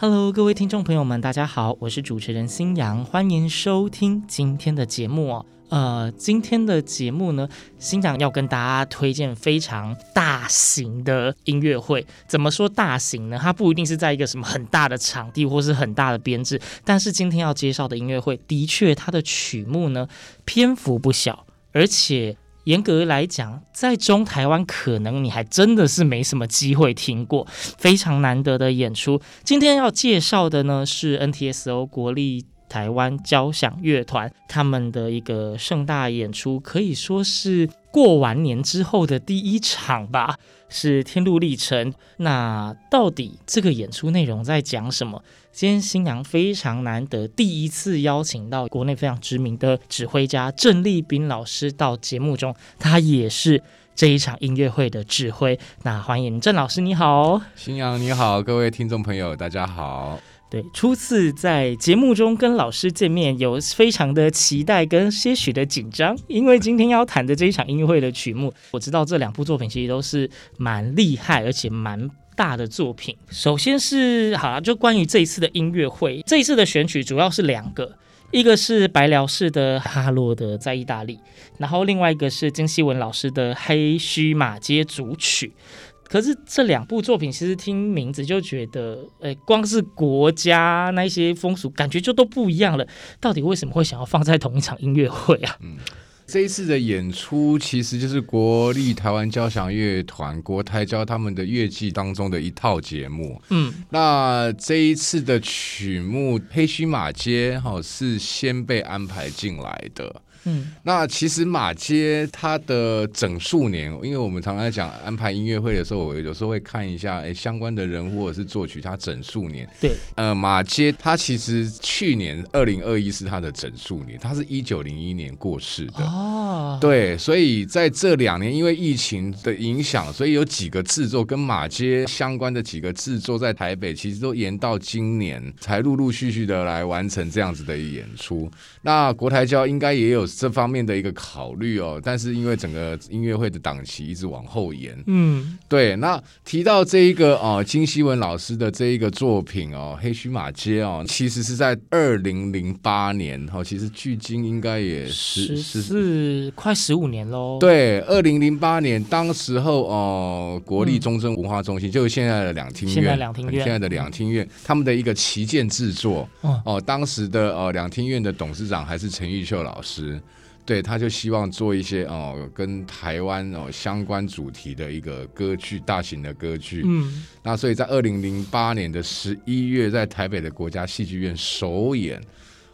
Hello，各位聽眾朋友們，大家好，我是主持人星洋，歡迎收聽今天的節目哦。呃，今天的節目呢，星洋要跟大家推薦非常大型的音樂會。怎麼說大型呢？它不一定是在一個什麼很大的場地，或是很大的編制。但是今天要介紹的音樂會，的確它的曲目呢，篇幅不小，而且。嚴格來講，在中台灣可能你還真的是沒什麼機會聽過，非常難得的演出。今天要介紹的呢，是 NTSO 國立台灣交響樂團他們的一個盛大演出，可以說是過完年之後的第一場吧，是《天路歷程》。那到底這個演出內容在講什麼？今天星洋非常難得，第一次邀請到國內非常知名的指揮家鄭立彬老師到節目中，他也是這一場音樂會的指揮。那歡迎鄭老師，你好。星洋你好，各位聽眾朋友大家好。對，初次在節目中跟老師見面，有非常的期待跟些許的緊張，因為今天要談的這一場音樂會的曲目，我知道這兩部作品其實都是蠻厲害，而且蠻大的作品，首先是好了，就關於這一次的音樂會，這一次的選曲主要是兩個，一個是白遼士的《哈洛德在意大利》，然後另外一個是金希文老師的《黑鬚馬偕組曲》。可是這兩部作品其實聽名字就覺得，哎、欸，光是國家那些風俗，感覺就都不一樣了。到底為什麼會想要放在同一場音樂會啊？嗯這一次的演出其實就是國立台灣交響樂團國台交他們的樂季當中的一套節目。嗯，那這一次的曲目《黑鬚馬偕》哈是先被安排進來的。嗯，那其實馬偕他的整數年，因為我們常常講安排音樂會的時候，我有時候會看一下，哎、欸，相關的人或者是作曲，他整數年。對，呃，馬偕他其實去年二零二一，是他的整數年，他是一九零一年過世的。哦，對，所以在這兩年，因為疫情的影響，所以有幾個制作跟馬偕相關的幾個制作，在台北其實都延到今年才陸陸續續的來完成這樣子的演出。那國台交應該也有。這方面的一個考慮哦，但是因為整個音樂會的檔期一直往後延，嗯，對。那提到這一個哦，金希文老師的這一個作品哦，《黑鬚馬偕》哦，其實是在二零零八年哦，其實距今應該也是是快十五年嘍。對，二零零八年，當時候哦，國立中正文化中心，嗯、就是現在的兩廳院，現在的兩廳院，現在的兩廳院、嗯，他們的一個旗艦制作哦，哦，當時的呃，兩廳院的董事長還是陳玉秀老師。對，他就希望做一些哦跟台灣哦相關主題的一個歌劇，大型的歌劇。嗯，那所以在二零零八年的十一月，在台北的國家戲劇院首演。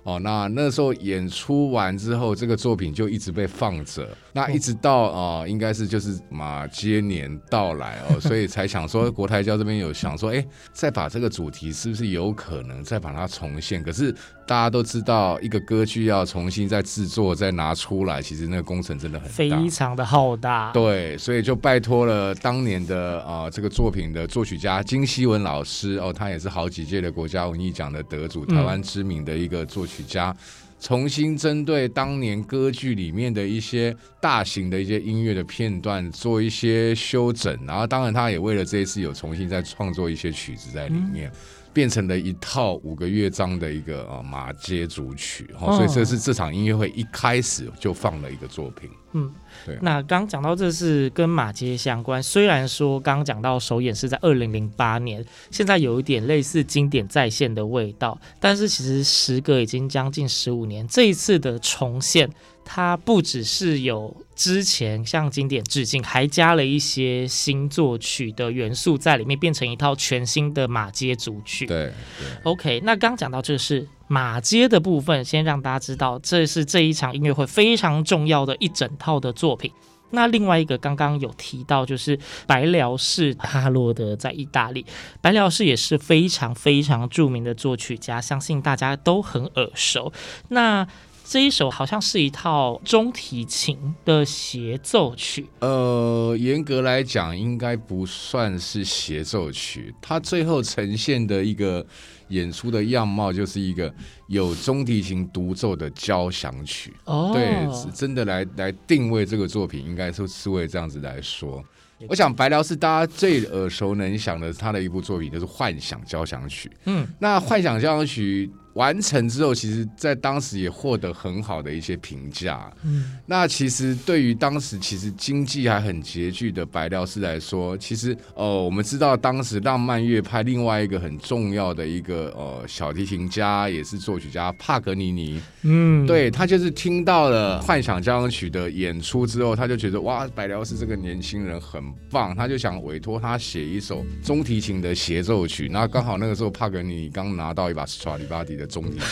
哦，那那時候演出完之後，這個作品就一直被放着。那一直到啊、哦哦，應該是就是馬偕年到來哦，所以才想說國台交這邊有想說，哎、嗯欸，再把這個主題是不是有可能再把它重現？可是大家都知道，一個歌劇要重新再制作再拿出來，其實那個工程真的很大，非常的浩大。對，所以就拜託了當年的啊、呃，這個作品的作曲家金希文老師哦，他也是好幾屆的國家文藝獎的得主，嗯、台灣知名的一個作曲曲家重新針對當年歌劇裡面的一些大型的一些音樂的片段做一些修整，然後當然他也為了這一次有重新再創作一些曲子在裡面。嗯變成了一套五個樂章的一個啊馬偕組曲，哦，所以這是這場音樂會一開始就放了一個作品。嗯，對。那剛剛講到這是跟馬偕相關，雖然說剛剛講到首演是在二零零八年，現在有一點類似經典再現的味道，但是其實時隔已經將近十五年，這一次的重現，它不只是有。之前向經典致敬，還加了一些新作曲的元素在裡面，變成一套全新的馬偕組曲。對，對，OK。那剛講到這是馬偕的部分，先讓大家知道這是這一場音樂會非常重要的一整套的作品。那另外一個剛剛有提到，就是白遼士，哈洛德在意大利，白遼士也是非常非常著名的作曲家，相信大家都很耳熟。那這一首好像是一套中提琴的協奏曲。呃，嚴格來講，應該不算是協奏曲。它最後呈現的一個演出的樣貌，就是一個有中提琴獨奏的交響曲。哦，對，真的來來定位這個作品，應該是是為這樣子來說。我想，白遼士大家最耳熟能詳的他的一部作品，就是《幻想交響曲》。嗯，那《幻想交響曲》。完成之後，其實，在當時也獲得很好的一些評價。嗯，那其實對於當時其實經濟還很拮據的白遼士來說，其實哦、呃，我們知道當時浪漫樂派另外一個很重要的一個呃小提琴家，也是作曲家帕格尼尼。嗯，對，他就是聽到了幻想交響曲的演出之後，他就覺得哇，白遼士這個年輕人很棒，他就想委托他寫一首中提琴的協奏曲。那剛好那個時候帕格尼尼剛拿到一把斯特拉迪瓦里的。中提琴，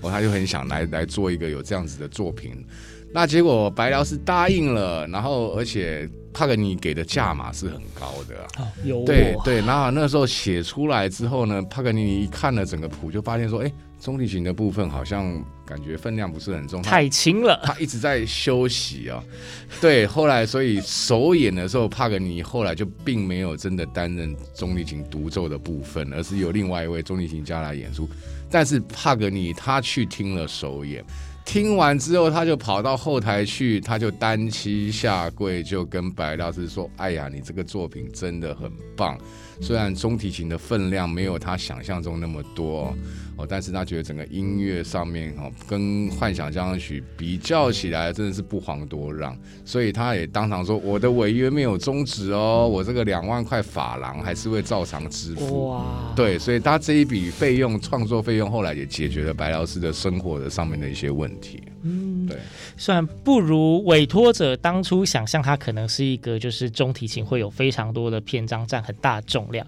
哦，他就很想來來做一個有這樣子的作品，那結果白遼士答應了，然後而且帕格尼給的價碼是很高的，啊哦，對對，然後那時候寫出來之後呢，帕格尼尼看了整個譜就發現說，哎、欸，中提琴的部分好像感覺分量不是很重，太輕了，他一直在休息啊，對，後來所以首演的時候，帕格尼後來就並沒有真的擔任中提琴獨奏的部分，而是由另外一位中提琴家來演出。但是帕格尼他去聽了首演，聽完之後他就跑到後台去，他就單膝下跪，就跟白老師說：“哎呀，你這個作品真的很棒。”雖然中提琴的分量沒有他想象中那麼多，哦，但是他覺得整個音樂上面哦，跟幻想交響曲比較起來，真的是不遑多讓，所以他也當場說，我的違約沒有終止哦，我這個兩萬塊法郎還是會照常支付。哇，對，所以他這一筆費用，創作費用，後來也解決了白老師的生活的上面的一些問題。對，雖然不如委托者當初想象他可能是一個就是中提琴會有非常多的篇章占很大的重量。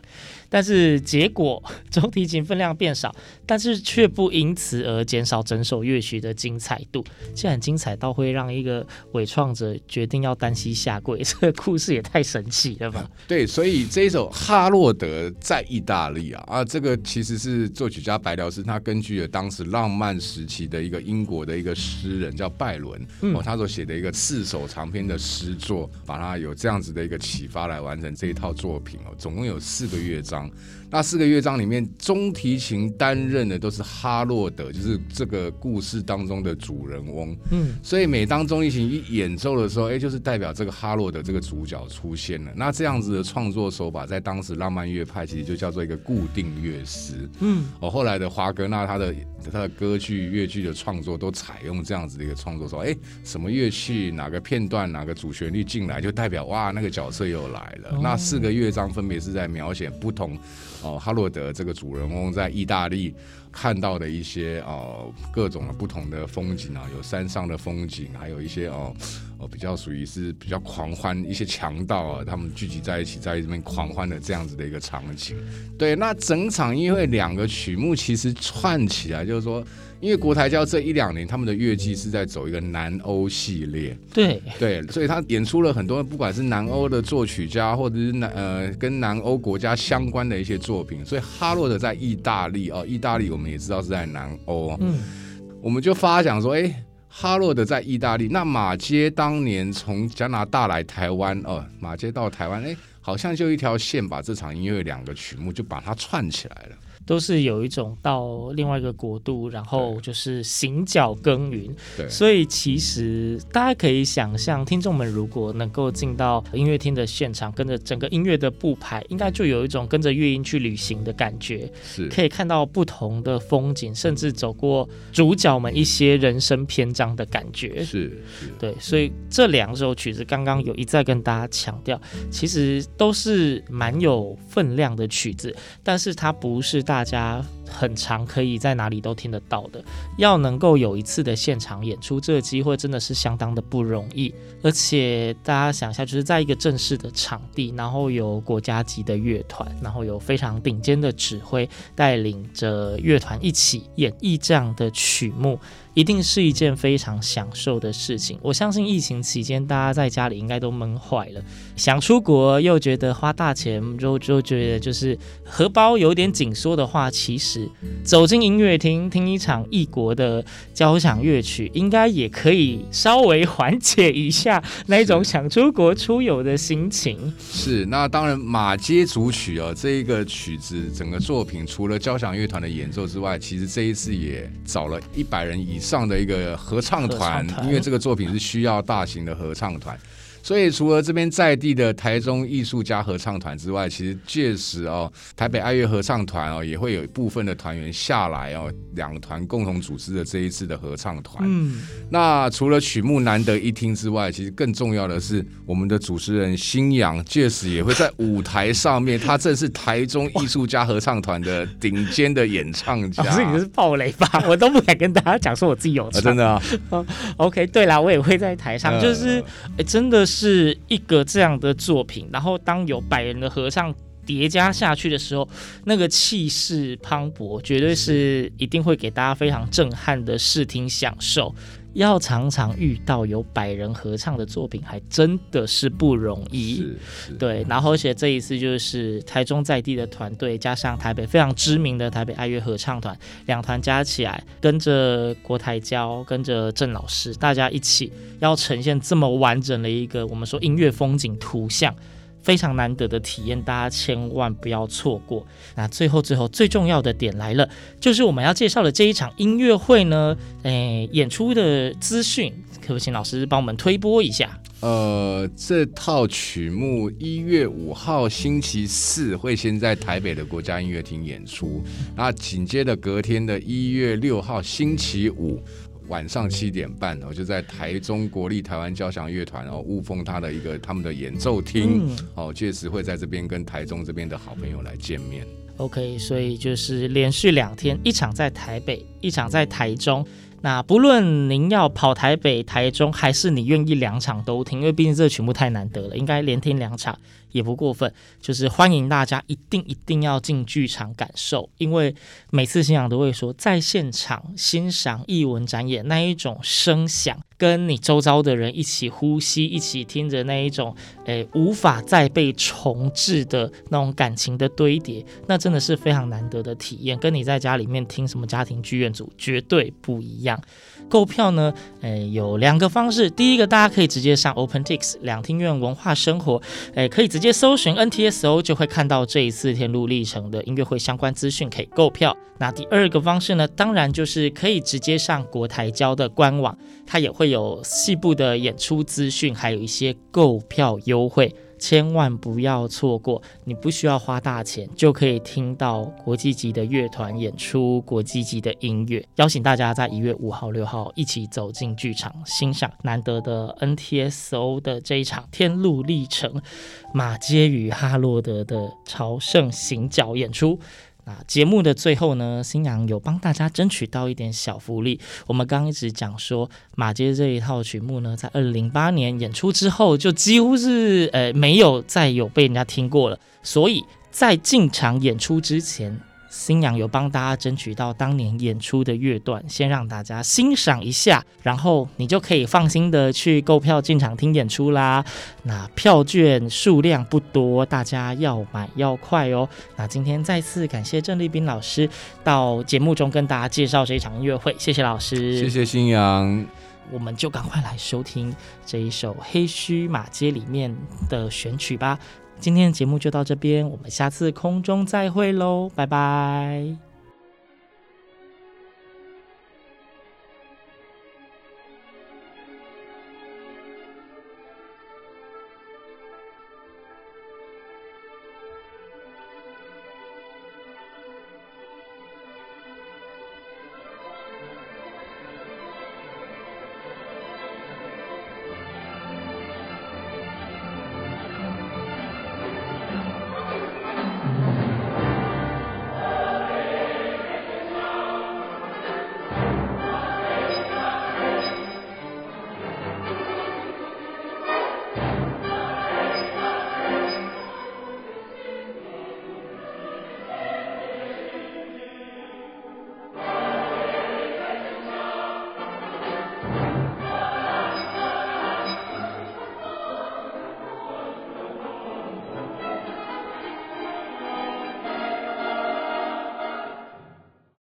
但是結果，中提琴分量變少，但是卻不因此而減少整首樂曲的精彩度，竟然很精彩到會讓一個偽創者決定要單膝下跪，這個故事也太神奇了吧？對，所以這一首《哈洛德在意大利》啊，啊，這個其實是作曲家白遼士他根據了當時浪漫時期的一個英國的一個詩人叫拜倫、嗯、哦，他所寫的一個四首長篇的詩作，把它有這樣子的一個啟發來完成這一套作品哦，總共有四個樂章。那四個樂章裡面，中提琴擔任的都是哈洛德，就是這個故事當中的主人翁。嗯，所以每當中提琴一演奏的時候，哎、欸，就是代表這個哈洛德這個主角出現了。那這樣子的創作手法，在當時浪漫樂派其實就叫做一個固定樂師。嗯，哦，後來的華格納他的他的歌劇、樂劇的創作都採用這樣子的一個創作手法。哎、欸，什麼樂器、哪個片段、哪個主旋律進來，就代表哇，那個角色又來了。哦、那四個樂章分別是在描寫不同。哦，哈洛德這個主人公在意大利看到的一些哦，各種不同的風景啊，有山上的風景，還有一些哦哦比較屬於是比較狂歡，一些強盜啊他們聚集在一起在這邊狂歡的這樣子的一個場景。對，那整場因為兩個曲目其實串起來，就是說。因為國台交這一兩年，他們的樂季是在走一個南歐系列，對對，所以他演出了很多不管是南歐的作曲家，或者是南呃跟南歐國家相關的一些作品。所以哈洛德在意大利啊，哦，意大利我們也知道是在南歐，嗯，我們就發想說，哎、欸，哈洛德在意大利，那馬偕當年從加拿大來台灣哦，馬偕到台灣，哎、欸，好像就一條線把這場音樂的兩個曲目就把它串起來了。都是有一種到另外一個國度，然後就是行腳耕耘。對，所以其實大家可以想象聽眾們如果能夠進到音樂廳的現場，跟着整個音樂的布排，應該就有一種跟着樂音去旅行的感覺。是，可以看到不同的風景，甚至走過主角們一些人生篇章的感覺。是，是，對。所以這兩首曲子，剛剛有一再跟大家強調，其實都是蠻有分量的曲子，但是它不是大。大家很常可以在哪裡都聽得到的，要能夠有一次的現場演出，這個機會真的是相當的不容易。而且大家想一下，就是在一個正式的場地，然後有國家級的樂團，然後有非常頂尖的指揮帶領着樂團一起演繹這樣的曲目，一定是一件非常享受的事情。我相信疫情期間大家在家裡應該都悶壞了，想出國又覺得花大錢就就覺得就是荷包有點緊縮的話，其實走進音樂廳聽一場異國的交響樂曲，應該也可以稍微緩解一下那種想出國出遊的心情。是，是，那當然《馬偕組曲》哦，這一個曲子整個作品除了交響樂團的演奏之外，其實這一次也找了一百人以上。上的一個合唱團，因為這個作品是需要大型的合唱團。所以除了這邊在地的台中藝術家合唱團之外，其實屆時哦，台北愛樂合唱團哦、喔、也會有一部分的團員下來哦，兩、喔、團共同組織的這一次的合唱團。嗯，那除了曲目難得一聽之外，其實更重要的是我們的主持人星洋屆時也會在舞台上面， 他正是台中藝術家合唱團的頂尖的演唱家。我是你是爆雷吧，我都不敢跟大家講說我自己有、啊、真的啊。OK，對啦，我也會在台上，嗯、就是哎、欸，真的是。是一個這樣的作品，然後當有百人的合唱疊加下去的時候，那個氣勢磅礴，絕對是一定會給大家非常震撼的視聽享受。要常常遇到有百人合唱的作品，還真的是不容易。對，然後而且這一次就是台中在地的團隊，加上台北非常知名的台北愛樂合唱團，兩團加起來，跟着國台交，跟着鄭老師，大家一起要呈現這麼完整的一個我們說音樂風景圖像。非常難得的體驗，大家千萬不要錯過。那最後最後最重要的點來了，就是我們要介紹的這一場音樂會呢，誒，演出的資訊，可否請老師幫我們推播一下？呃，這套曲目一月五號星期四會先在台北的國家音樂廳演出，那緊接着隔天的一月六號星期五，晚上七點半，我、okay. 哦，就在台中國立台灣交響樂團哦，霧峰他的一個他們的演奏廳，嗯，哦，屆時會在這邊跟台中這邊的好朋友來見面。OK，所以就是連續兩天，嗯，一場在台北，一場在台中。嗯，那不論您要跑台北、台中，還是你願意兩場都聽，因為畢竟這個曲目太難得了，應該連聽兩場。也不過分，就是歡迎大家一定一定要進劇場感受，因為每次欣賞都會說，在現場欣賞藝文展演那一種聲響，跟你周遭的人一起呼吸、一起聽着那一種，誒、欸，無法再被重置的那種感情的堆疊，那真的是非常難得的體驗，跟你在家裡面聽什麼家庭劇院組絕對不一樣。購票呢，誒，有兩個方式。第一個，大家可以直接上 OpenTix 兩廳院文化生活，誒，可以直接搜尋 NTSO 就會看到這一次天路歷程的音樂會相關資訊，可以購票。那第二個方式呢，當然就是可以直接上國臺交的官網，它也會有細部的演出資訊，還有一些購票優惠。千萬不要錯過！你不需要花大錢就可以聽到國際級的樂團演出，國際級的音樂。邀請大家在一月五號、六號一起走進劇場，欣賞難得的 NTSO 的這一場《天路歷程》馬偕與哈洛德的朝聖行腳演出。啊，節目的最後呢，星洋有幫大家爭取到一點小福利。我們剛剛一直講說，馬偕這一套曲目呢，在二零零八年演出之後，就幾乎是呃沒有再有被人家聽過了。所以在進場演出之前，星洋有幫大家爭取到當年演出的樂段，先讓大家欣賞一下，然後你就可以放心的去購票進場聽演出啦。那票券數量不多，大家要買要快哦。那今天再次感謝鄭立彬老師到節目中跟大家介紹這一場音樂會，謝謝老師，謝謝星洋，我們就趕快來收聽這一首《黑鬚馬偕》裡面的選曲吧。今天的節目就到這邊，我們下次空中再會嘍，拜拜。